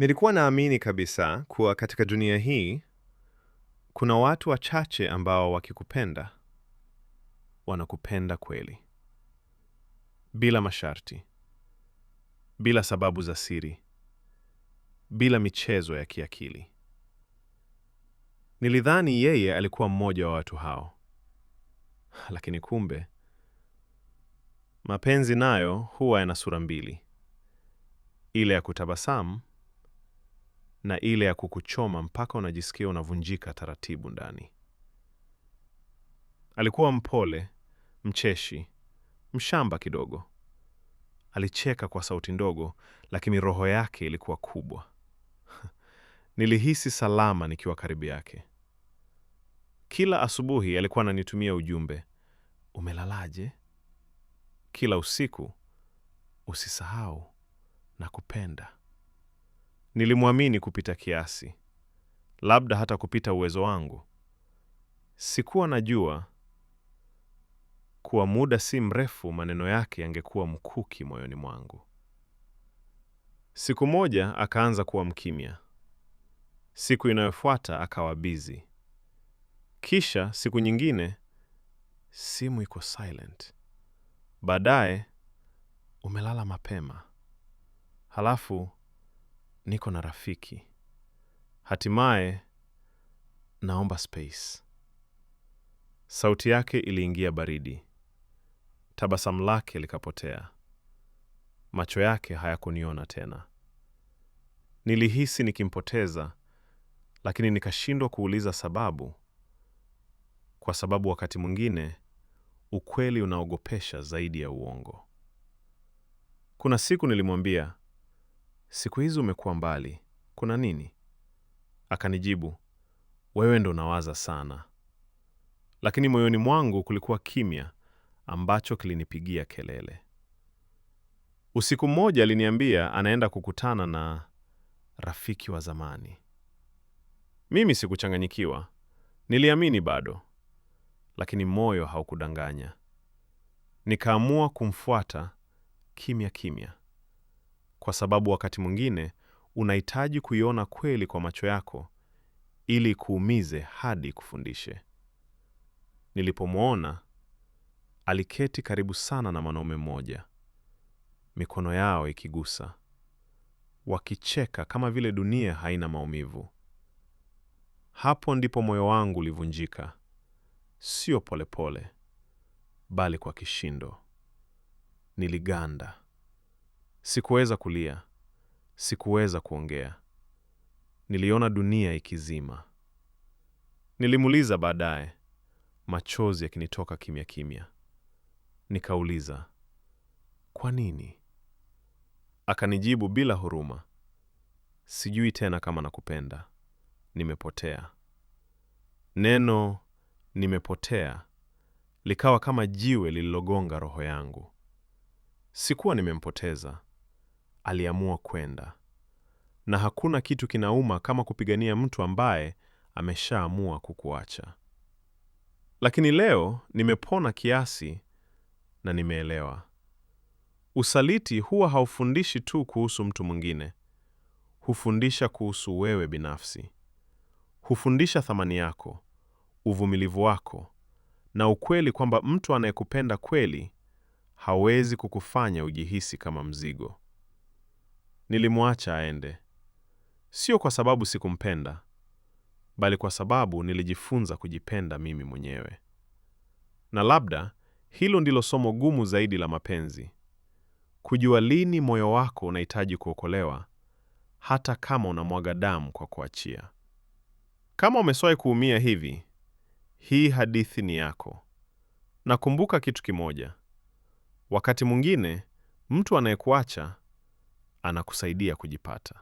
Nilikuwa naamini kabisa kuwa katika dunia hii kuna watu wachache ambao wakikupenda wanakupenda kweli, bila masharti, bila sababu za siri, bila michezo ya kiakili. Nilidhani yeye alikuwa mmoja wa watu hao, lakini kumbe mapenzi nayo huwa yana sura mbili, ile ya kutabasamu na ile ya kukuchoma mpaka unajisikia unavunjika taratibu ndani. Alikuwa mpole, mcheshi, mshamba kidogo. Alicheka kwa sauti ndogo, lakini roho yake ilikuwa kubwa. Nilihisi salama nikiwa karibu yake. Kila asubuhi alikuwa ananitumia ujumbe, umelalaje? Kila usiku, usisahau na kupenda Nilimwamini kupita kiasi, labda hata kupita uwezo wangu. Sikuwa najua kuwa muda si mrefu maneno yake yangekuwa mkuki moyoni mwangu. Siku moja akaanza kuwa mkimya, siku inayofuata akawa bizi, kisha siku nyingine simu iko silent, baadaye umelala mapema, halafu niko na rafiki hatimaye naomba space sauti yake iliingia baridi tabasamu lake likapotea macho yake hayakuniona tena nilihisi nikimpoteza lakini nikashindwa kuuliza sababu kwa sababu wakati mwingine ukweli unaogopesha zaidi ya uongo kuna siku nilimwambia siku hizi umekuwa mbali, kuna nini? Akanijibu, wewe ndo unawaza sana. Lakini moyoni mwangu kulikuwa kimya ambacho kilinipigia kelele. Usiku mmoja aliniambia anaenda kukutana na rafiki wa zamani. Mimi sikuchanganyikiwa, niliamini bado, lakini moyo haukudanganya. Nikaamua kumfuata kimya kimya kwa sababu wakati mwingine unahitaji kuiona kweli kwa macho yako ili kuumize hadi ikufundishe. Nilipomwona aliketi karibu sana na mwanaume mmoja, mikono yao ikigusa, wakicheka kama vile dunia haina maumivu. Hapo ndipo moyo wangu ulivunjika, sio polepole, bali kwa kishindo. Niliganda, Sikuweza kulia, sikuweza kuongea. Niliona dunia ikizima. Nilimuuliza baadaye, machozi yakinitoka kimya kimya. Nikauliza, kwa nini? Akanijibu bila huruma, sijui tena kama nakupenda, nimepotea. Neno nimepotea likawa kama jiwe lililogonga roho yangu. Sikuwa nimempoteza, aliamua kwenda na hakuna kitu kinauma kama kupigania mtu ambaye ameshaamua kukuacha. Lakini leo nimepona kiasi na nimeelewa, usaliti huwa haufundishi tu kuhusu mtu mwingine, hufundisha kuhusu wewe binafsi, hufundisha thamani yako, uvumilivu wako, na ukweli kwamba mtu anayekupenda kweli hawezi kukufanya ujihisi kama mzigo. Nilimwacha aende, sio kwa sababu sikumpenda, bali kwa sababu nilijifunza kujipenda mimi mwenyewe. Na labda hilo ndilo somo gumu zaidi la mapenzi, kujua lini moyo wako unahitaji kuokolewa, hata kama unamwaga damu kwa kuachia. Kama umeswahi kuumia hivi, hii hadithi ni yako. Nakumbuka kitu kimoja, wakati mwingine mtu anayekuacha anakusaidia kujipata.